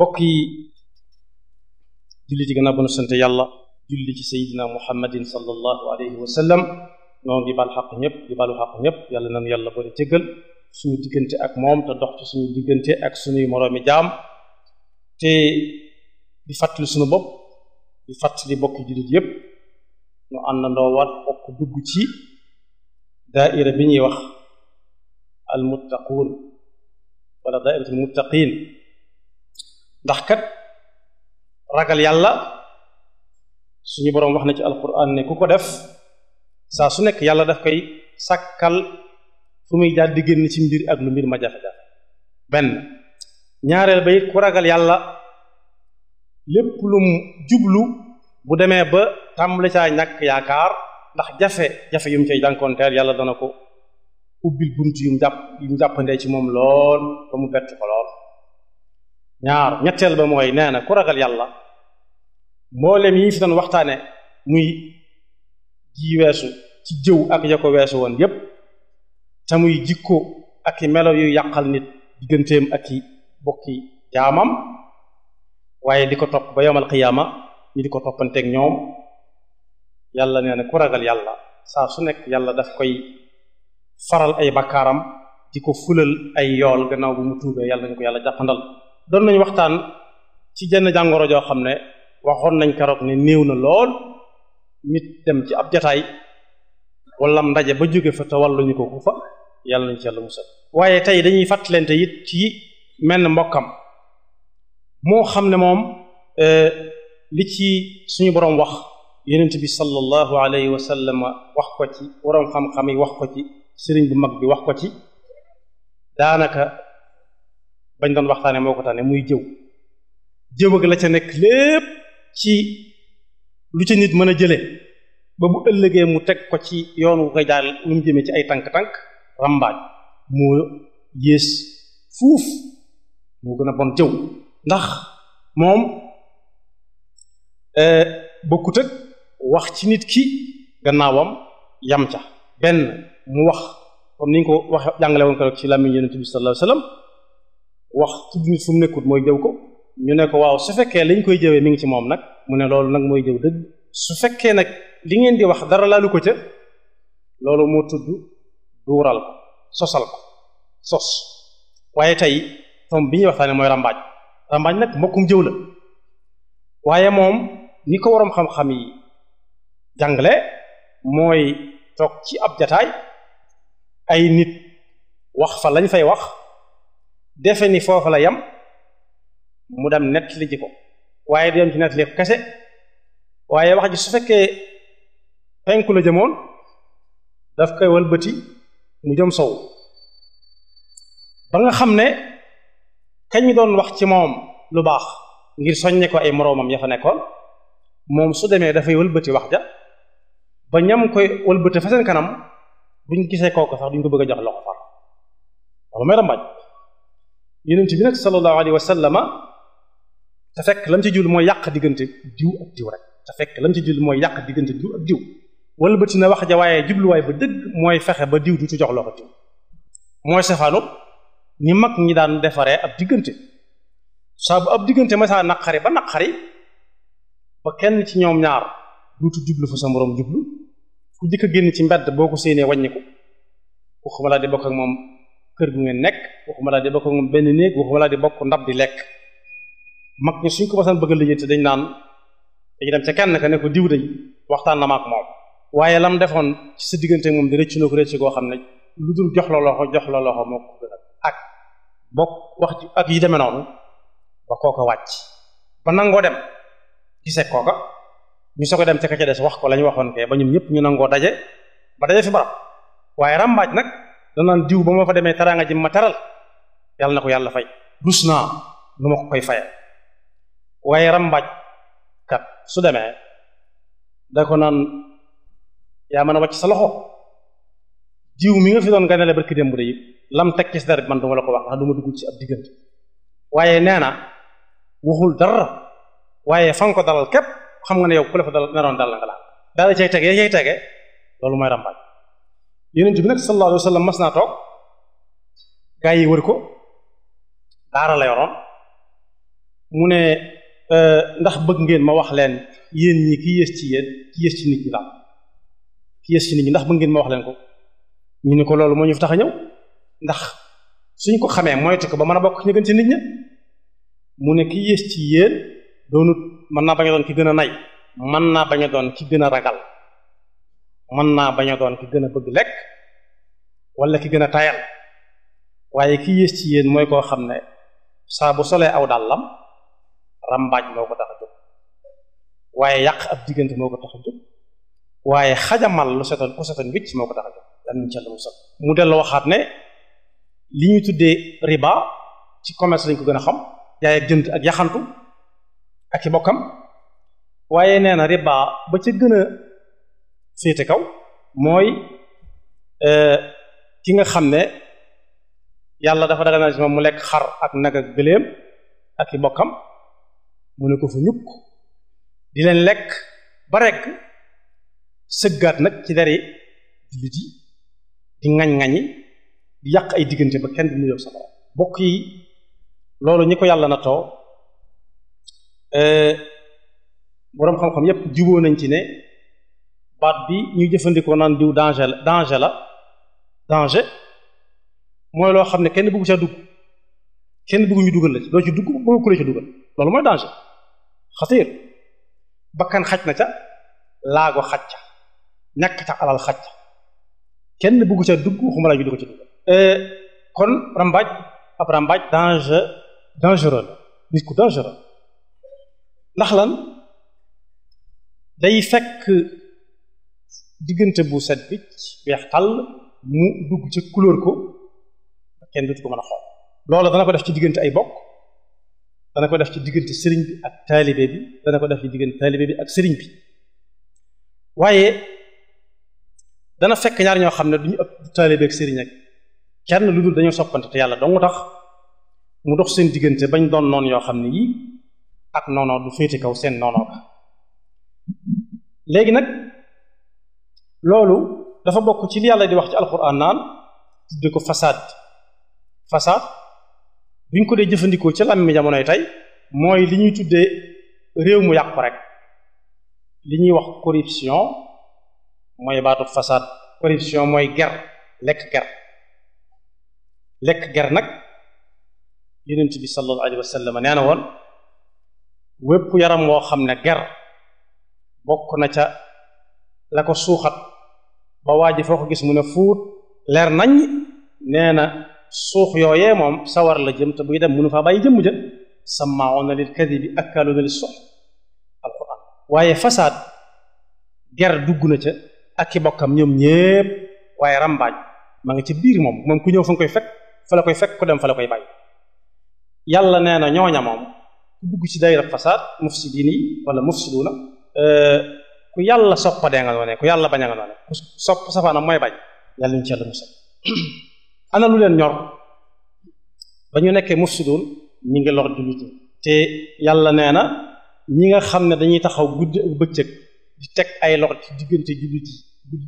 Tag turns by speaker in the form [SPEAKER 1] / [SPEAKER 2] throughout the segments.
[SPEAKER 1] mbokk yi julli ci na ba nu sant yàlla julli ci sayidina muhammadin sallallahu alayhi wa sallam noo ngi baal xaq ñëpp di baalu xaq ñëpp yàlla nanu yàlla boole jéggal suñu diggante ak moom te dox ci suñu diggante ak suñuy moroomi jaam te di fàttali suñu bopp di fàttali bokki jullit yëpp nu àndandoo waat bokk dugg ci daaira bi ñuy wax al muttaquun wala daairatul muttaqiin ndax kat ragal yàlla suñu boroom wax na ci alquran ne ku ko def saa su nekk yàlla def koy sàkkal fu muy daal di génn ci mbir ak lu mbir ma jafe-jafe benn ñaareel ba it ragal yàlla lépp lum jublu bu demee ba tàmbali caa ñàkk yaakaar ndax jafe-jafe yum cay jànkonteel yàlla dana ko ubbil bunt yum jàpp yum jàppandee ci moom lool ba mu bett ko ñaar ñetteel ba mooy nee na ku ragal yàlla mboolem yi fi doon waxtaane muy ji weesu ci jëw ak ya weesu woon yépp te jikko ak i melo yu yàqal nit digganteem ak i bokki jaamam waaye di ko topp ba yomal xiyaama ñu di ko toppanteeg ñoom yàlla nee na ku ragal yàlla saa su nekk yàlla daf koy faral ay bakkaaram di ko fulal ay yool gannaaw bu mu tuubee yàlla nañu ko yàlla jàppandal doon nañ waxtaan ci jenn jàngoro joo xam ne waxoon nañ keroog ne néew na lool nit dem ci ab jataay wala ndaje ba jóge fa te wàlluñu ko ku fa yàlla nañ ci yàlla musal waaye tey dañuy fàttalente it ci menn mbokkam moo xam ne moom euh, li ci suñu boroom wax yonent bi sallallahu alayhi wa sallam wax ko ci boroom xam-xam yi wax ko ci sëriñ bu mag bi wax ko ci daanaka bañ doon waxtaanee moo ko tànne muy jëw jëw ak la ca nekk lépp ci lu ci nit mën a jële ba bu ëllëgee mu teg ko ci yoon wu koy daal jëmee ci ay tànk-tànk rambaaj moo yées moo gën a jëw ndax moom euh, bokkut ak wax ci nit ki gannaawam yam ca benn mu wax comme ni ko wax jàngale woon ko ci làmmiñ yonent bi sallallahu alayhi wasallam wax tudd nit fu nekkut mooy jëw ko ñu ne ko waaw su fekkee lañ koy jëwee mu ngi ci moom nag mu ne loolu nag mooy jëw dëgg su fekkee nag li ngeen di wax dara laalu ko ca loolu moo tudd duural ko sosal ko sos waaye tey tom bi ñuy waxtaane mooy rambaaj rambaaj nag mbokkum jëw la waaye moom ni ko waroom xam-xam yi jàngale mooy toog ci ab jataay ay nit wax fa lañ fay wax defe ni foofu la yam mu dem nettali ji ko waaye du yam ci nettali ko kese waaye wax ji su fekkee penku la jëmoon daf koy walbati mu jëm sow ba nga xam ne kañ doon wax ci moom lu baax ngir soññee ko ay moroomam ya fa nekkoon moom su demee dafay wëlbati wax ja ba ñam koy wëlbati fa seen kanam buñ gisee kooku sax duñ ko bëgg a jox loxo far wala may rambaaj yonent bi nag sallallahu alayhi wa sallama te fekk lam ci jul mooy yàq diggante diw ak diw rek te fekk lam ci jul mooy yàq diggante diw ak diw wala bëti na wax ja waaye jubluwaay ba dëgg mooy fexe ba diw du ci jox loxo diw mooy safaanu ni mag ñi daan defaree ab diggante saa bu ab diggante masaa naqari ba naqari ba kenn ci ñoom ñaar duutu jublu fa sa moroom jublu ku jëkk génn ci mbedd boo ko séenee wàññiku ku xamalaa di bokk moom kër gu ngeen nekk waxuma laa di bokk moom benn néeg waxuma laa di bokk ndab di lekk mag ñi suñ ko masaan bëgg a lijjanti dañ naan dañu dem ca kenn ka ne diw day waxtaan na ma moom waaye lam defoon ci sa diggante moom di rëcc na ko rëcc goo xam ne lu dul jox la jox la moo ak bokk wax ak yi demee noonu ba kooka wàcc ba nangoo dem gisee kooka ñu soog ko dem ca ka ca des wax ko la ñu waxoon kee ba ñun ñëpp ñu nangoo daje ba daje fi barab waaye ràmbaaj nag danaan diw ba moo fa demee taraanga ji ma taral yàlla na ko yàlla fay dus naa nu ma ko koy faye waaye rambaaj kat su demee da ko naan yaa mën a wàcc sa loxo diw mi nga fi doon ganale barki démb de lam teg dara bi man duma la ko wax ndax du ma dugg ci ab diggante waaye nee na waxul dara waaye fa ko dalal képp xam nga ne yow ku la fa dalal naroon dalal nga la daal cay tege cay tege loolu mooy rambaaj yonent bi nag sallallahu alayhi wa mas naa toog gaa yi wër ko daara la mu ne euh, ndax bëgg ngeen ma wax leen yéen ñi ki yées ci yéen ki yées ci nit ñi la ki yées ci nit ñi ndax bëgg ngeen ma wax leen ko ñu ne ko loolu moo ñu fi tax a ñëw ndax suñ ko xamee moytu ko ba mën a bokk ci ñu gën ci nit ñi mu ne ki yées ci yéen doonut mën naa bañ a doon ki gën a nay mën naa bañ doon ki gën a ragal mën naa bañ a doon ki gën a bëgg lekk wala ki gën a tayal waaye ki yées ci yéen mooy koo xam ne saa bu solee aw daal dàllam rambaaj moo ko tax a jóg waaye yàq ab diggante moo ko tax a jóg waaye xajamal lu setoon ku setoon wicc moo ko tax a jóg danuñ ca lu mu sot mu dellu waxaat ne li ñu tuddee riba ci commerce lañ ko gën a xam jaay ak jënd ak yaxantu ak i bokkam waaye nee na riba ba ca gën féete kaw mooy euh, ki nga xam ne yàlla dafa daganal ci moom mu lekk xar ak nag ak gëléem ak i bokkam mu ne ko fa ñukk di leen lekk ba rekk sëggaat nag ci deri jullit yi di ŋañ-ŋañi di yàq ay diggante ba kenn du mu yow safara bokk yi loolu ñi ko yàlla na too euh, boroom xam-xam yépp juboo nañ ci ne baat bi ñu jëfandikoo naan diw danger la danger la danger mooy loo xam ne kenn bëggu caa dugg kenn bëggu ñu dugal la ci doo dugg bëgg ku la ci dugal loolu mooy danger xatiir bakkan xaj na ca laago xaj ca ñàkk ca alal xaj ca kenn bëggu caa dugg waxuma laa ñu dugal ci dugg euh, kon rambaaj ab rambaaj danger dangereux ndax lan day fekk diggante bu set bi weex tàll mu dugg ci couleur ko kenn dootu ko mën a xool loolu dana ko def ci diggante ay bokk dana ko def ci diggante sëriñ bi ak taalibe bi dana ko def ci diggante taalibe bi ak sëriñ bi waaye dana fekk ñaar ñoo xam ne du ñu ëpp taalibe ak sëriñ ak kenn lu dul dañoo soppante te yàlla dong tax mu dox seen diggante bañ doon noon yoo xam ne yii ak noonoo du féete kaw seen noonoo ba léegi nag loolu dafa bokk ci li yàlla di wax ci alquran naan tudde ko fasaad fasaad bi ñu ko dee jëfandikoo ci làmmi jamonoy tey mooy li ñuy tuddee réew mu yàqu rek li ñuy wax corruption mooy baatu fasaad corruption mooy ger lekk ger lekk ger nag yonent bi sallallahu alayhi wa sallam nee na woon wépp yaram woo xam ne ger bokk na ca la ko suuxat ba waa ji foo ko gis mu ne fuut leer nañ nee na suux yooyee moom sawar la jëm te buy dem mënu faa bàyyi jëmm ja sammaawuna lil kadibi ak lis suxt alquran waaye fasaad ger dugg na ca ak i bokkam ñoom ñépp waaye rambaaj ma nga ci biir moom moom ku ñëw fa koy fekk fa koy fekk ku dem fa koy bàyyi yàlla nee na ñooña moom ku dugg ci dayra fasaad mufsidiin yi wala mufsiduuna euh, ku yàlla soppadee nga noonee ku yàlla bañ a nga noonee ku sopp safaanam mooy bañ yàlla ñu ci yàlla musal ana lu leen ñor ba ñu nekkee mufsidun ñi ngi lor jullit te yàlla nee na ñi nga xam ne dañuy taxaw guddi ak bëccëg di teg ay lor ci diggante jullit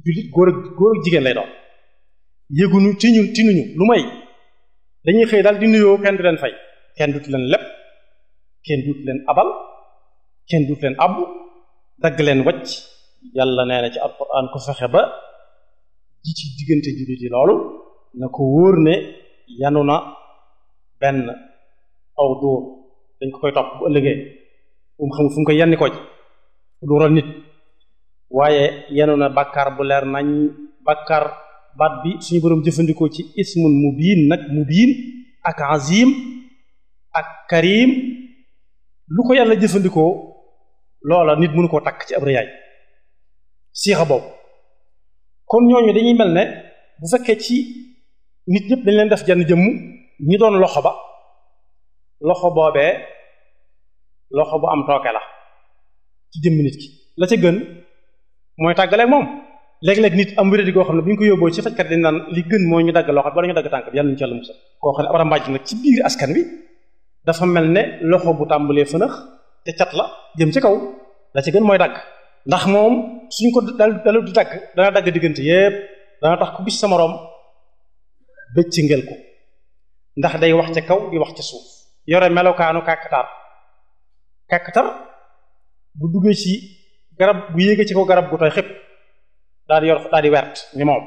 [SPEAKER 1] jullit góor ak góor ak jigéen lay doon yëguñu tiñu tiñuñu lu may dañuy xëy daal di nuyoo kenn du leen fay kenn duutu leen lépp kenn duutu leen abal kenn duutu leen abbu dagg leen wacc yàlla nee na ci alquran ku fexe ba ji diggante jullit yi loolu na ko wóor ne yanu na benn aw dóor dañ ko koy topp bu ëllëgee bu mu koy yanni ko ci nit waaye yanu na bàkkaar bu leer nañ bakkar baat bi suñu boroom jëfandikoo ci ismun mubiin nag mubiin ak azim ak karim lu ko yàlla jëfandikoo loola nit mënu koo takk ci ab rëyaay siixa boobu kon ñooñu dañuy mel ne bu fekkee ci nit ñëpp dañ leen def jenn jëmm ñi doon loxo ba loxo boobee loxo bu am tooke la ci jëmm nit ki la ci gën mooy tàggaleeg moom léeg-léeg nit am wéradi goo xam ne bu ñu ko yóbboo ci fajkat dañ naan li gën moo ñu dagg loxo bi wala ñu dagg tànk bi yàlla ñu ci yàlla musal koo xam ne ab rambaaj nag ci biir askan wi dafa mel ne loxo bu tàmbalee fënax te cat la jëm ci kaw la ci gën mooy dagg ndax moom suñ ko dal di dagg dana dagg diggante yépp dana tax ku gis sa moroom bëcc ngel ko ndax day wax ca kaw di wax ci suuf yore melokaanu kàkkatar kàkkatar bu duggee ci garab bu yéegee ci ko garab gu tooy xëpp daal di yor daal di wert ni moom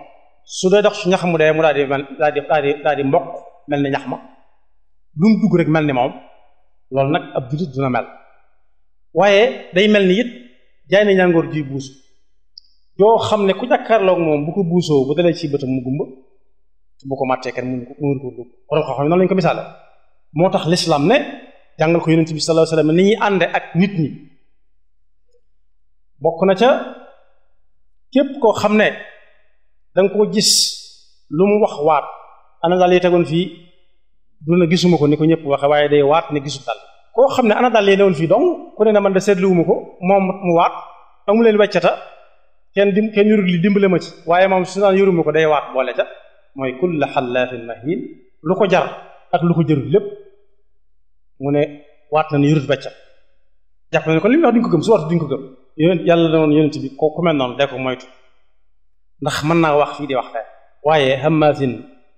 [SPEAKER 1] su dee dox su ñax mu dee mu daal di mel daal di mboq mel ni ñax ma lu mu dugg rek mel ni moom loolu nag ab jullit dina mel waaye day mel ni it jaay na ñàngoor ji buus yoo xam ne ku jàkkaarloog moom bu ko buusoo bu dalee ci bëtam mu gumba te bu ko màttee kenn mënu ko mënu ko lañ ko misaale moo tax lislaam ne jàngal ko yonent bi sallallahu alayhi wasallam ni ñuy ànde ak nit ñi bokk na ca képp koo xam ne danga ko gis lu mu wax waat ana daal yi tegoon fii du na gisuma ko ni ko ñëpp waxe waaye day waat ne gisul daal koo xam ne ana dal lee newul fii donc ku ne na man de seetluwuma ko moom mu waat amu leen weccata kenn dim kenn yurut li dimbale ma ci waaye moom su naan yuruma ko day waat boole ca mooy kulla xallaafin mahin lu ko jar ak lu ko jërul lépp mu ne waat na ne yurut wecca jàpp na ne kon li muy wax duñ ko gëm su waxtu duñ ko gëm yonent yàlla noonu yonent bi ko ku noonu de ko moytu ndax mën naa wax fii di wax fee waaye hammaasin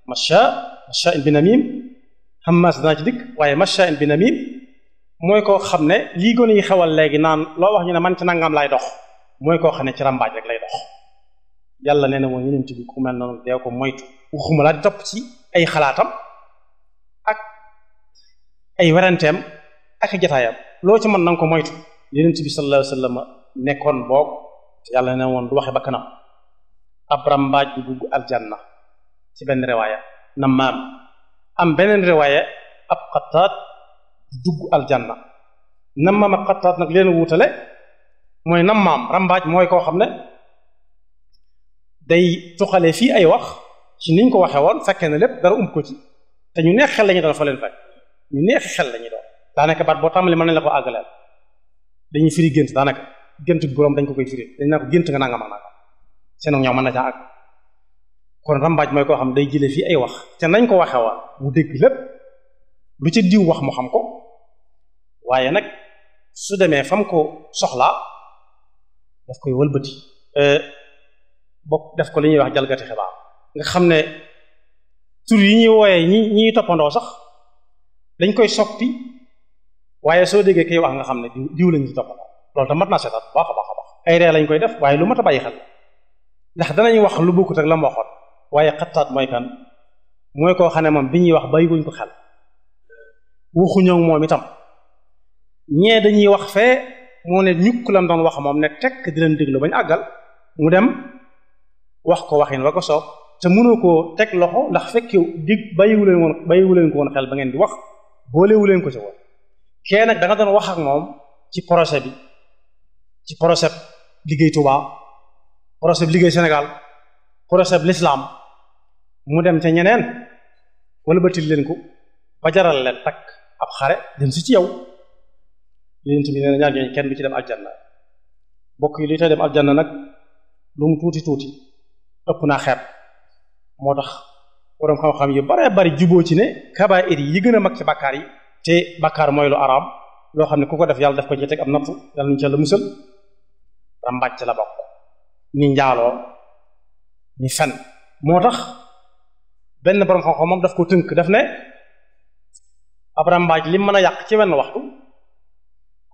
[SPEAKER 1] masha masha in bi namim hammaas danaa ci dikk waaye masha in bi mooy koo xam ne lii gone yi xewal léegi naan loo wax ñu ne man ci nangam laay dox mooy koo xam ne ci rambaaj rek lay dox yàlla nee na moo yeneen bi ku mel noonu dee ko moytu waxuma la di topp ci ay xalaatam ak ay weranteem ak jataayam loo ci mën nanga ko moytu yeneen bi sallallahu alayhi wasallam nekkoon boog te yàlla nee woon du waxe ba kanam ab rambaaj du dugg aljanna ci benn riwaaya na maam am beneen riwaaya ab xataat dugg aljanna nammaam ak xattaat nag leen wuutale mooy nammaam rambaaj mooy koo xam ne day tuxalee fii ay wax ci niñ ko waxee woon fekkee na lépp dara ko ci te ñu xel lañu doon fa leen ñu neex xel daanaka baat boo tàmbali mën nañ la ko àggaleel dañuy firi gént daanaka gént boroom dañ ko koy firi dañ gént nga nangam seenu ñoom mën na caa àgg kon rambaaj mooy koo xam day jëlee fii ay wax te nañ ko waxee woon bu dégg lépp lu ci diw wax mu xam ko waaye nag su demee fam ko soxlaa daf koy wëlbati euh, bokk def ko li ñuy wax jalgati xibaar nga xam ne tur yi ñuy wooyee ñi ñiy toppandoo sax dañ koy soppi waaye soo déggee kay wax nga xam ne diw lañ ci toppandoo loolu tam mat naa seetaat baax a baax ay ree lañ koy def waaye lu mat a bàyyi xel ndax danañ wax lu bokkut ak la waxoon waaye xattaat mooy kan mooy koo xam ne moom bi ñuy wax bàyyiwuñ ko xel waxuñu moom itam ñee dañuy wax fee moom ne ñukk lam doon wax moom ne tekk di leen déglu bañ àggal mu dem wax ko waxin wa ko soob te mënoo ko teg loxo ndax fekkee dig bàyyiwuleen woon bàyyiwuleen ko woon xel ba ngeen di wax boolewuleen ko ci woon kee nag da nga doon wax ak moom ci projet bi ci projet liggéey Touba projet bi liggéey Sénégal projet bi l'islam mu dem ca ñeneen wala batil leen ko ba jaral leen takk ab xare dem si ci yow yonent bi nee na ñaar ñooñu kenn du ci dem aljanna bokk yi li tey dem aljanna nag lu mu tuuti tuuti ëpp naa xeet moo tax borom xam-xam yu bare bari juboo ci ne kabaa'ir yi gën a mag ci bakkaar yi te bakaar mooy lu araam loo xam ne ku ko def yàlla def ko ci teg am nattu yàlla nuñ ca la musal rambàcc la bokk ni njaaloo ni tax benn borom xam-xam moom daf ko tënk daf ne ab rambàcc li mën a yàq ci wenn waxtu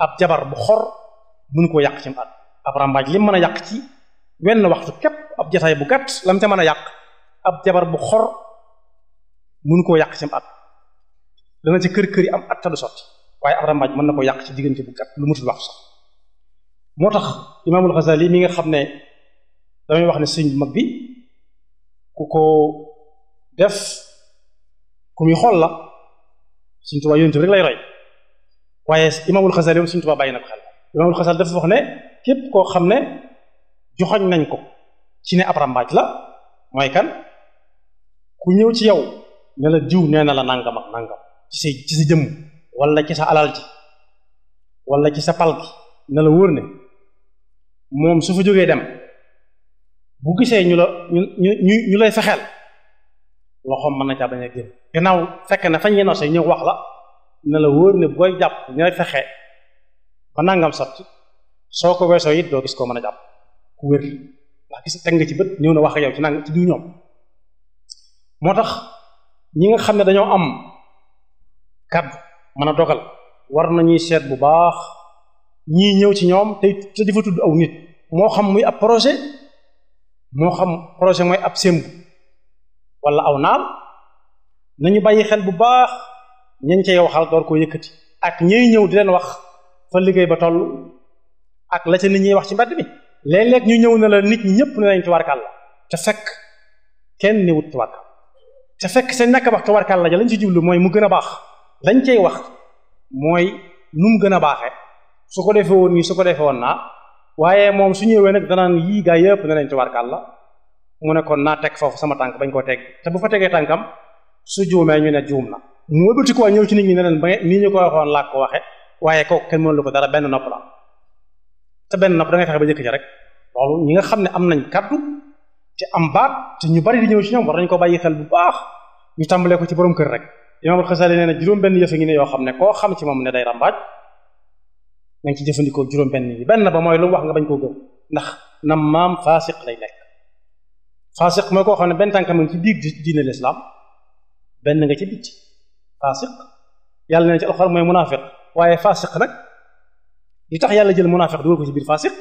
[SPEAKER 1] ab jabar bu xor mun koo yàq ci at ab rambaaj lim mën a yàq ci wenn waxtu képp ab jataay bu gàtt lam ca mën a yàq ab jabar bu xor mun koo yàq ci at dana ci kër kër yi am at te du sotti waaye ab rambaaj mën na koo yàq ci diggante bu gàtt lu mutul waxtu sax moo tax imaamul Xasaali mi nga xam ne damay wax ne sëñ mag bi ku ko def ku muy xol la Sëñ Tuubaa yonent bi rek lay roy waaye imaamul Xasali yow suñu tubaab bàyyi na ko xel imaamul Xasali dafa wax ne képp koo xam ne joxoñ nañ ko ci ne ab rambaaj la mooy kan ku ñëw ci yow ne la diw nee na la nangam ak nangam ci sa ci sa jëmm walla ci sa alal ji wala ci sa pal gi ne la wóor ne moom su fa jógee dem bu gisee ñu la ñu ñu ñu lay fexeel loxoom mën na caa bañ a génn gannaaw fekk na fañ yéenoo say ñëw wax la. na la wóor ne booy jàpp ñu lay fexe ba nangam sotti soo ko weesoo it doo gis koo mën a jàpp ku wér ndax gis teg nga ci bët ñëw na wax ak yow ci nang ci ñoom moo tax ñi nga xam ne dañoo am kàddu mën a dogal war nañuy seet bu baax ñii ñëw ci ñoom te te di aw nit moo xam muy ab projet moo xam projet mooy ab sembu wala nañu bàyyi xel bu baax ñañ cay waxal door koo yëkkati ak ñay ñëw di leen wax fa liggéey ba toll ak la ca nit ñuy wax ci mbedd bi léeg-léeg ñu ñëw na la nit ñi ñëpp ne nañ tubaarkàl la te fekk kenn ni wut tubaarkàl te seen ñàkk wax tubaarkàl la ja lañ ci jublu mooy mu gën a baax lañ cay wax mooy nu mu gën a baaxee su ko defee woon nii su ko defee woon naa waaye moom su ñëwee nag danaan yii gaa yëpp ne nañ tubaarkàl la mu ne kon naa teg foofu sama tànk bañ koo teg te bu fa tegee tànkam su juumee ñu ne juum mu wëlbati koo ñëw ci nit ñi ne leen ba nii ñu ko waxoon laa ko waxe waaye kooku kenn mënu ko dara benn nopp la te benn nopp da taxe fexe ba jëkk ci rek loolu ñi nga xam ne am nañ kaddu te am baat te ñu bari di ñëw ci ñoom war nañ ko bàyyi xel bu baax ñu tàmbalee ko ci borom kër rek imaamul Xasaali nee na juróom-benn yëf ngi ne yoo xam ne koo xam ci moom ne day rambaaj nañ ci jëfandikoo juróom-benn yi ba mooy lu wax nga bañ koo gëm ndax na maam faasiq lay nekk faasiq mooy ne benn tànkam ci biir diine l'islam benn nga ci faasiq yàlla nee ci alxuraan mooy munaafiq waaye faasiq nag li tax yàlla jël munaafiq dugal ko ci biir faasiq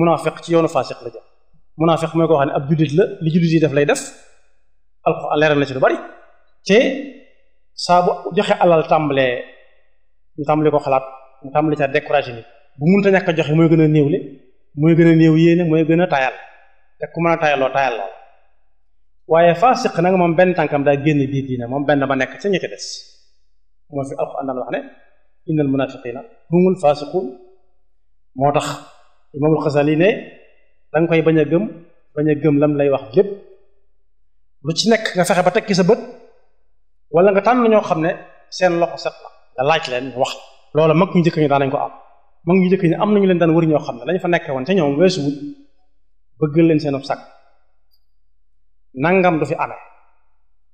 [SPEAKER 1] munaafiq ci yoonu faasiq la jël munaafiq mooy koo xam ne ab jullit la li jullit def lay def alxuraan leeral na ci lu joxe alal tàmbalee ñu tàmbali ko xalaat ñu tàmbali ca bu mënta ñàkk a mooy gën a néewle mooy gën néew yéene mooy gën a taayal te ku a taayaloo nag moom benn tànkam daa génn biir diine moom benn ba nekk ca ñi ca des moo fi alquran daan wax ne innal munafiqina humul fasiqun moo tax imaamul xasali ne da koy bañ a gëm bañ a gëm lam lay wax lépp lu ci nekk nga fexe ba ki sa bët wala nga tànn ñoo xam ne seen loxo set la nga laaj leen wax loolu mag ñu njëkk ñu daan nañ ko am mag ñu njëkk ñu am nañu leen daan war ñoo xam ne lañ fa nekkee woon te ñoom weesuwul bëggal leen seen sag nangam du fi amee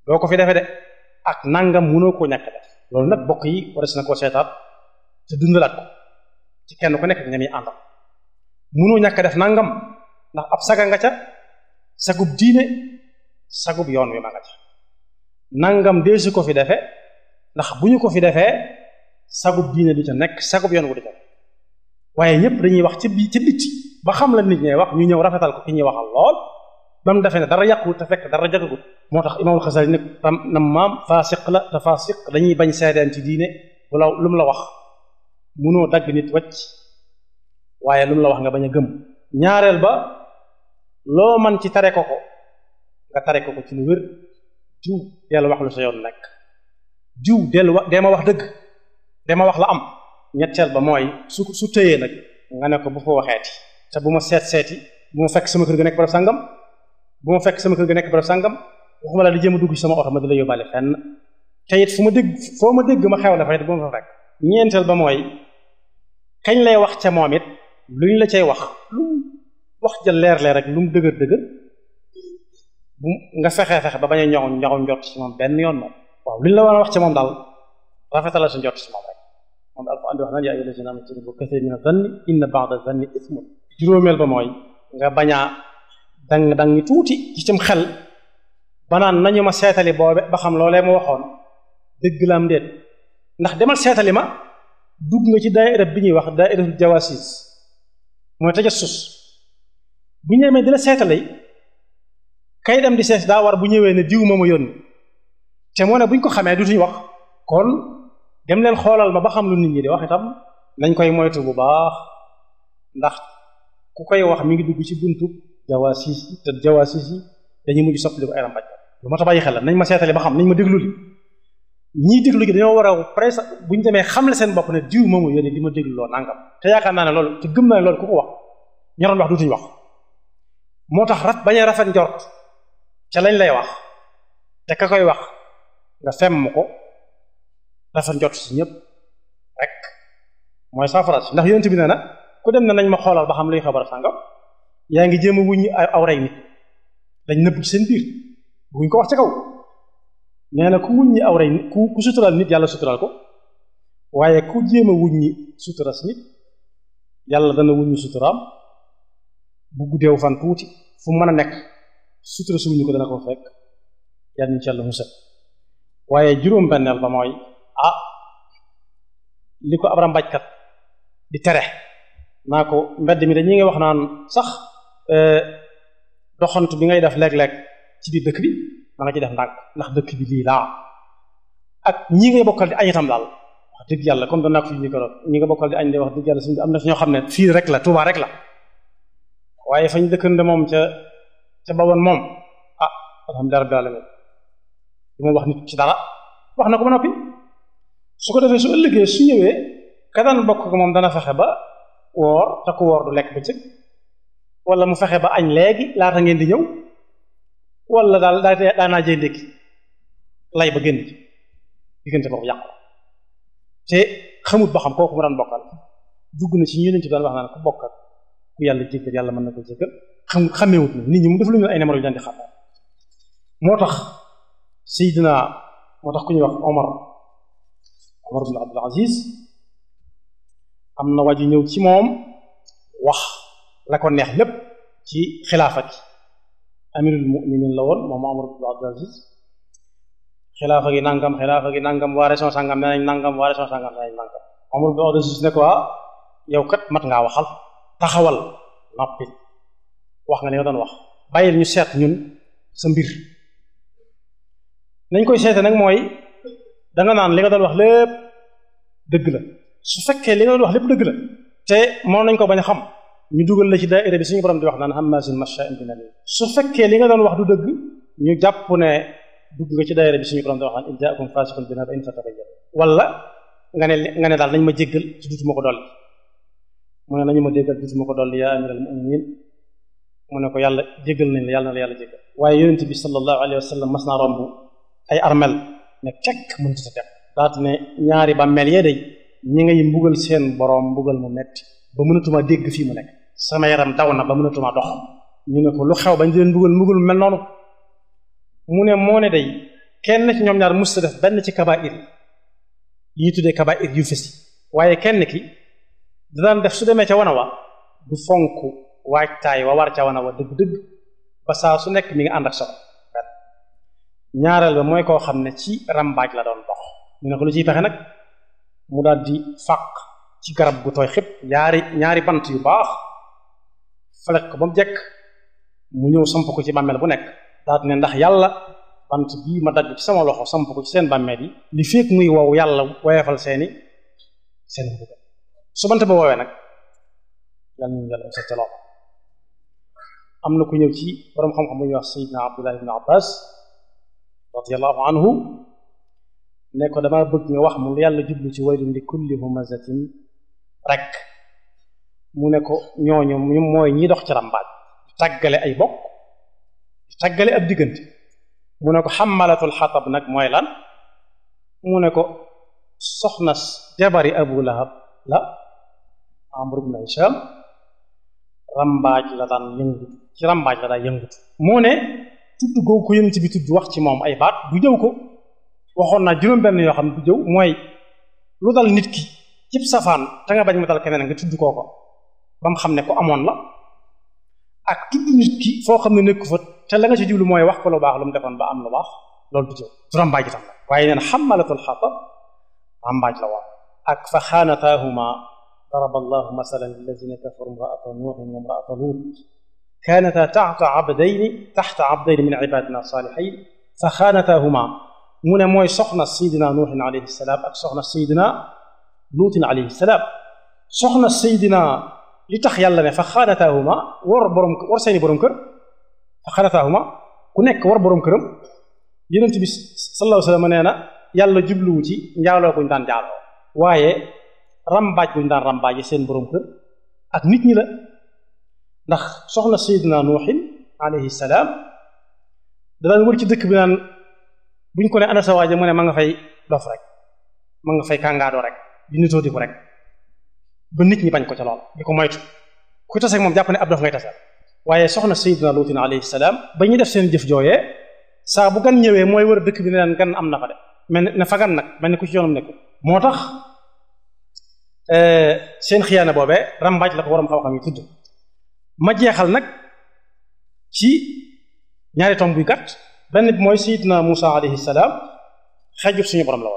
[SPEAKER 1] doo ko fi defe de ak nangam mënoo koo ñàkk def loolu nag bokk yi waras na koo seetaat te dundalaat ko ci kenn ku nekk nga muy àndal mënoo ñàkk def nangam ndax ab saga nga ca sagub diine sagub yoon wi ma nga ca nangam deesu ko fi defee ndax bu ñu ko fi defee sagub diine du ca nekk sagub yoon wu du ca waaye ñëpp dañuy wax ci bi ci ba xam la nit ñay wax ñu ñëw rafetal ko ki ñuy waxal lool ba mu defee ne dara yàquwut te fekk dara jagagut moo tax imaamul sa ne tam na maam faasiq la te faasiq dañuy bañ seedeen ci diine wala lu mu la wax munoo dagg nit wacc waaye lu la wax nga bañ a gëm ñaareel ba loo man ci tare ko ko nga tare ko ko ci lu wér diw deel wax lu sa yoon nekk diw deel wax dee ma wax dëgg dema wax la am ñetteel ba mooy su su tëyee nag nga ne ko bu fa waxeeti te bu ma seet seeti bu ma fekk suma kër ga nekk barab sàngam bu ma fekk sama kër ga nekk barab sàngam waxuma la di dugg ci sama oto ma di la yóbbaale fenn te it fu ma dégg foo ma dégg ma xew la fa it bu ma fa fekk ñeenteel kañ lay wax ca moom it luñ la cay wax lu wax leer rek lu mu dëgër dëgër nga fexee fexe ba bañ a ñoxu ñoxu njort benn yoon moom waaw la war a wax ci moom daal rafetala sa njort ci moom rek moom daal ko andi wax naan yaa ayyuhallazina amanu ijtanibu kathiran mina zanni zanni ismun juróomeel ba mooy nga bañaa dang dang ñu tuuti ci cim xel ba naan nañu ma seetali boobe ba xam loolee ma waxoon dëgg la am ndax demal seetali ma dugg nga ci daayira bi ñuy wax daayiratul jawasis mooy tajassus bu ñu demee di la di seet daa bu ñëwee ne diw ma ma yónni te moo ne buñ ko xamee dutuñu wax kon dem leen xoolal ma ba xam lu nit ñi di wax itam nañ koy moytu bu baax ndax ku koy wax mi ngi dugg ci bunt jawaasiis yi te jawaasiis yi dañuy mujj soppaliku ay ràmbaaj lu ma ta bàyyi xel la nañ ma seetale ba xam nañ ma déglu li ñii déglu gi dañoo war a presque bu ñu demee xamle seen bopp ne diw moomu yéen di ma déglu loo nangam te yaakaar naa ne loolu te gëm naa ne loolu ku ko wax ña doon wax dutuñu wax moo tax raf bañ rafet njort ca lañ lay wax te ka koy wax nga femm ko rafet njort si ñëpp rek mooy saafara si ndax yonent bi nee na ku dem nañ ma xoolal ba xam luy xabar sàngam yaa ngi jéem a wuññi aw rey dañ nëbb buñ ko wax ca kaw nee na ku wuññi aw rey nit ku ku suturaal nit yàlla suturaal ko waaye ku jéem wuñ wuññi sutura si nit yàlla dana wuññi suturaam bu guddeew fan tuuti fu mën a nekk sutura su wuññi ko dana ko fekk yàlla ñu ci yàlla musal waaye juróom-benneel ba mooy ah li ko ab ràmbaajkat di tere naa ko mbedd mi dañuy nga wax naan sax Euh, doxantu bi ngay def léeg-léeg ci biir dëkk bi da nga ci def ndànk ndax dëkk bi lii laa ak ñii ngay bokkal di añ itam daal wax dëgg yàlla comme doon naa fi ñi nga bokkal di añ de wax dëgg yàlla am na ñoo xam ne fii rek la Tuubaa rek la waaye fañ dëkkande moom ca ca bawoon moom ah alhamdulilah rabbil alamin du ma wax nit ci dara wax na ko ba noppi su ko defee su ëllëgee su ñëwee ka bokk ko moom dana fexe ba woor te woor du lekk bëccëg wala mu fexe ba añ léegi laata ngeen di ñëw wala daal daanaa jëy ndékki lay ba génn ci diggante boobu yàqu te xamut ba xam kooku mu bokkal dugg na ci ñu leen ci yàlla yàlla mën na ko jéggal xamut xamewut na nit mu def lu ñu ay numéro yu daan xam moo tax Seydina moo tax ku ñuy wax Omar Omar bin Abdul Aziz am na waa ñëw ci moom wax la ko neex lépp ci xilaafa gi amirul muminin la woon moom Umar ibn Abdul xilaafa gi nangam xilaafa gi nangam waa région sangam nee nañ nangam waa région sangam nee nañ ah, kat mat ngaa waxal taxawal noppi wax nga li nga doon wax bàyyil ñu seet ñun sa mbir koy seete nag mooy danga naan li nga doon wax lépp dëgg la su fekkee li nga doon wax lépp dëgg la te moom nañ ko bañ a xam ñu dugal la ci daaira bi suñu borom di wax naan hammaasin masha'in binamin su fekkee li nga doon wax du dëgg ñu jàpp ne dugg nga ci daaira bi suñu borom di wax naan in jaakum faasiqun binaba'in fatabayyan wala nga ne nga ne daal nañ ma jéggal ci duutuma ko dolli mu ne nañu ma déggal duutuma ko dolli yaa amiral mu'minin mu ne ko yàlla jéggal nañ la yàlla na yàlla jéggal waaye yonent bi sallallahu alayhi wa sallam mas naa romb ay armel ne tekk mënut a dem daat ne ñaari bàmmeel yee day ñi ngay mbugal seen borom mbugal mu metti ba mënatuma dégg fii mu nekk sama yaram daw na ba mënatuma dox ñu ne ko lu xew bañ leen bëggal mbugal mel noonu mu ne moo ne day kenn ci ñoom ñaar musta def benn ci kabaa'ir yi ñu tuddee kabaa'ir yu fesi waaye kenn ki da daan def su demee ca wana wa du fonk waajtaay wa war ca wana wa dëgg-dëgg ba saa su nekk mi ngi ànd ak soxla ñaareel ba mooy koo xam ne ci rambaaj la doon dox ñu ne ko lu ciy pexe nag mu daal di fàq ci garab gu tooy xëpp ñaari ñaari bant yu baax felek ko ba mu jekk mu ñëw samp ko ci bàmmeel bu nekk daat ne ndax yàlla bant bii ma dagg ci sama loxo samp ko ci seen bàmmeel yi li fekk muy wow yàlla woyefal seeni seen bugga su bant ba woowee nag yàlla ñu yàlla am na ku ñëw ci borom xam-xam bu ñuy wax sayidna abdullah ibn abbas radiallahu anhu ne ko bëgg nga wax mu yàlla jublu ci waylun li kulli humazatin rek mu ne ko ñooñu ñu mooy ñi dox ci rambaaj di ay bokk di ab diggant mu ne ko xamalatul xatab nag mooy lan mu ne ko soxnas jabari abu lahab la amru ibn hisham rambaaj la daan yëngu ci rambaaj la daan yëngut moo ne tudd googu ko yënt bi tudd wax ci moom ay baat du jëw ko waxoon naa juróom benn yoo xam du jëw mooy lu dal nit ki cib safaan te nga bañ mu dal keneen nga tudd kooko ba mu xam ne ko amoon la ak tudd nit ki foo xam ne nekku fa te la nga ci jublu mooy wax ko lu baax lu mu defoon ba am lu baax loolu du jëw du rambaaj itam la waaye neen xamalatul xatab rambaaj la woon ak fa xaanataahuma daraba allahu masalan lilladina kafaru imraata nuuhin wa imraata luut kaanata taxta abdayni taxta abdayni min ibadina saalihayn fa xaanataahuma mu ne mooy soxna sayidina nuuhin alayhi salaam ak soxna sayidina luutin alayhi salaam soxna Seydina li tax yàlla ne fa xaanataahuma war borom war seeni borom kër fa xaanataahuma ku nekk war borom këram yonent bi sallallahu alayhi wasallam na yàlla jubluwu ci njaaloo guñ daan jaaloo waaye rambaaj guñ daan rambaaje seen borom kër ak nit ñi la ndax soxna Seydina Nuuhin alayhi salaam da daan ci dëkk bi naan buñ ko ne ana sa mu ne ma nga fay dof rek ma nga fay kàngaadoo rek di soo di ko rek ba nit ñi bañ ko ca lool di ko moytu ku taseeg moom jàpp ne ab dof ngay taseel waaye soxna naa Luutin alayhi salaam ba ñu def seen jëf jooyee saa bu gan ñëwee mooy war a dëkk bi ne leen gan am na fa de mel ne fa gan nag mel ni ku ci yoonam nekk moo tax eh, seen xiyaana boobee rambaaj la ko waroom xam-xam yi tudd ma jeexal nag ci ñaari tomb buy gàtt benn bi mooy Seydina Muusa alayhi salaam suñu borom la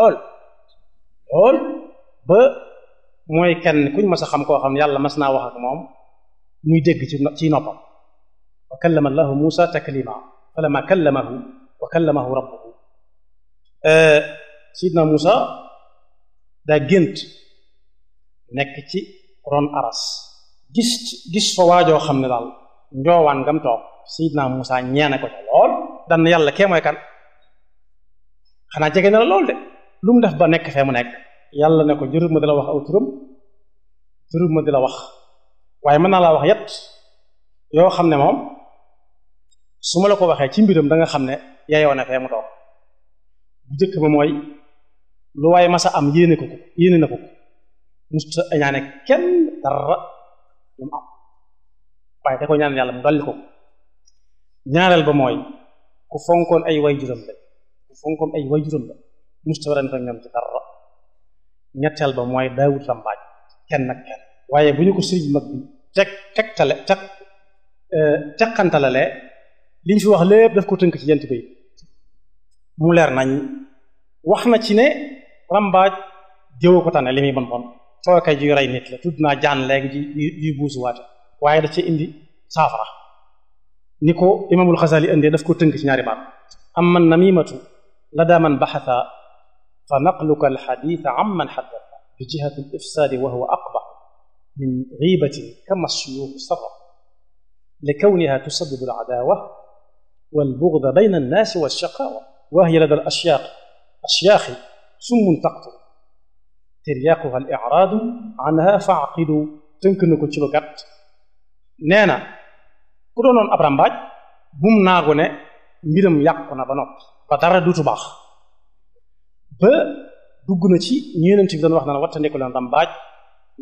[SPEAKER 1] woon lool ba mooy kenn kuñ mas a xam koo xam ne yàlla mas naa wax ak moom muy dégg ci ci noppam wa kallama allahu musa taklima falamma kallamahu wa kallamahu rabbuhu eh, sidna musa daa gént nekk ci ron aras gis fa waajoo xam ne daal njoowaan ngam toog sidna musa ñeene ca lool dan yàlla kee mooy kan xanaa jege na lool de lu mu def ba nekk fee nekk yàlla ne ko jurul ma di la wax aw turam jurul ma di la wax waaye mën naa laa wax yet yoo xam ne moom su ma la ko waxee ci mbiram da nga xam ne yeyoo na fee mu toog bu jëkk ba mooy lu waaye masa am yéene ko ko yéene na ko ko ñaane kenn dara lu mu am waaye da ko ñaan yàlla mu dolli ko ñaareel ba mooy ku fonkoon ay way juram la ku fonkoon ay way juram la musta warante ak ñoom ci dara ñetteel ba mooy daawut lambaaj kenn nag kenn waaye bu ñu ko sëriñ mag bi teg tegtale teg euh, teqantalale fi wax lépp def ko tënk ci jant bi mu leer nañ wax na ci ne rambaaj jëwa ko bon bon tooke juy rey naa jaan léegi ji yuy waaye da ci indi saafara ko imaamul Xasali ko tënk ci ñaari baat am man namimatu la daa man baxasa فنقلك الحديث عمن حدث بجهة الإفساد وهو أقبح من غيبة كما الشيوخ صرح لكونها تسبب العداوة والبغض بين الناس والشقاوة وهي لدى الأشياخ أشياخ سم تقتل ترياقها الإعراض عنها فاعقلوا tënk ci lu gàtt nee na ku doonoon ab rambaaj bum naagu ne mbiram yàqu na ba noppi ba dara dutu baax ba dugg na ci ñeenent bi doon wax naan wattandiku leen rambaaj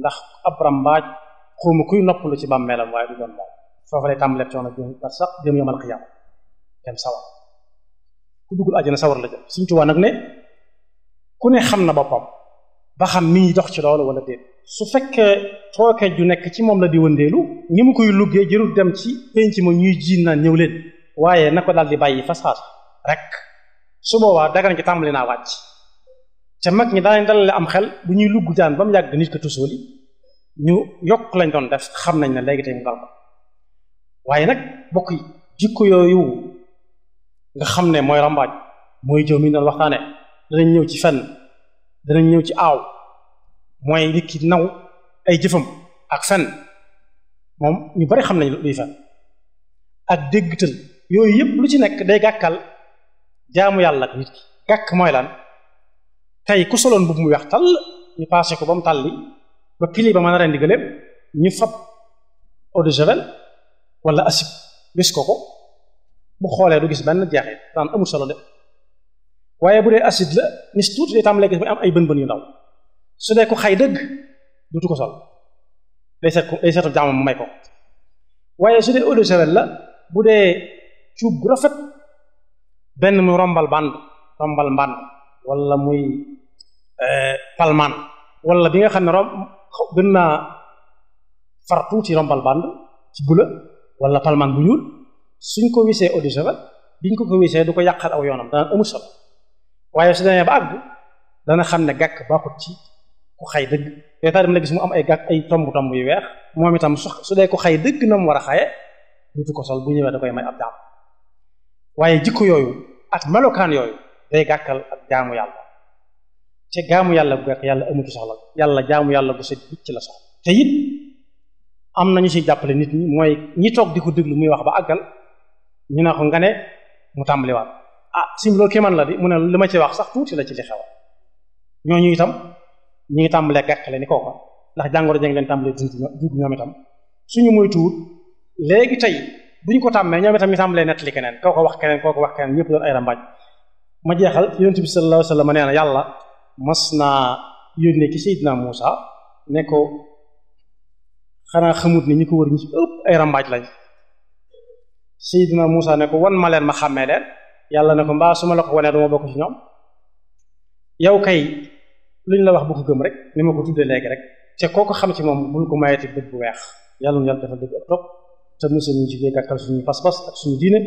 [SPEAKER 1] ndax ab rambaaj xawma kuy noppalu ci bàmmeelam waaye du doon moom foofu lay tàmbalee coono jëm par sax jëm yomal xiyam dem sawar ku duggul àjjana la jëm Sëriñ nag ne ku ne xam na boppam ba xam mi ngi dox ci loolu wala déet su fekkee tooke ju nekk ci moom la di wëndeelu ni mu koy luggee jërul dem ci penc ma ñuy jiin naan ñëw leen waaye naka ko daal di bàyyi fasaas rek su boobaa dagan ci tàmbali naa wàcc te mag ñi daanañ dalale am xel bu ñuy lugg jaan ba mu yàgg nit ko tusóoli ñu yokk lañ doon def xam nañ ne léegi tey mu dal ko waaye nag bokk yi jikko yooyu nga xam ne mooy rambaaj mooy jëw mi doon waxtaane danañ ñëw ci fenn danañ ñëw ci aaw mooy nit naw ay jëfam ak fenn moom ñu bari xam nañ luy fenn ak déggtal yooyu yëpp lu ci nekk day gàkkal jaamu yàlla gàkk mooy laan tey ku soloon mbubb mu weex tàll ñu paase ko ba mu tàlli ba pili ba mën a rendi gëléem ñu fab eau de javel wala asib gis ko ko bu xoolee du gis benn jeexee daan amul solo de waaye bu dee acide la nis tuuti am ay bën-bën yu ndaw su dee ko xay dëgg dutu ko sol day seet day seetu jaamam mu may ko waaye su dee eau de javel la bu dee cuub rafet benn muy rombal bànd rombal mbànd wala muy Euh, palman wala bi nga xam ne rom gën naa far ti rombal band ci bula wala palman bu ñuul suñ ko wisee eau de javel ko ko wisee du ko yàqal aw yoonam dana amul solo waaye su demee ba àgg xam ne gàkk baaxut ci ku xay dëgg te la gis mu am ay gàkk ay tomb tomb yu weex moom itam su dee ko xay dëgg na mu war a xaye dutu ko sol bu ñëwee da koy may ab jaam waaye jikko yooyu ak melokaan yooyu day gàkkal ak jaamu yàlla te jaamu yàlla gu yàlla amatu soxla yàlla jaamu yàlla gu set ci la soxla te it am na ñu ci jàppale nit ñi mooy ñi toog di ko déglu muy wax ba àggal ñu ne ko nga ne mu tàmbaliwaat ah sim loo kéemaan la di mu ne li ma ci wax sax tuuti la ci li xew ñooñu itam ñu ngi tàmbalee gàkkale ni kooka ndax jàngoro jàng leen tàmbalee dund dund ñoom itam suñu moytuwul léegi tey buñ ñu tàmbalee nettali keneen kooka wax keneen kooka wax keneen ñëpp doon ay rambaaj ma jeexal yonent bi sallallahu alayhi wasallam nee na mas naa yónnee ci Seydina Muusa ne ko xanaa xamut ni ñu ko wër ñu ci ëpp ay rambaaj lañ Seydina Muusa ne ko wan ma leen ma xàmmee leen yàlla ne ko mbaa su ma la ko wanee duma bokk ci ñoom yow kay luñ la wax bu ko gëm rek ni ma ko tuddee léegi rek te koo ko xam ci moom bul ko mayati bët bu weex yàlla na yàlla dafa dëgg ak topp te musal ñu ci dee suñu pas-pas ak suñu diine.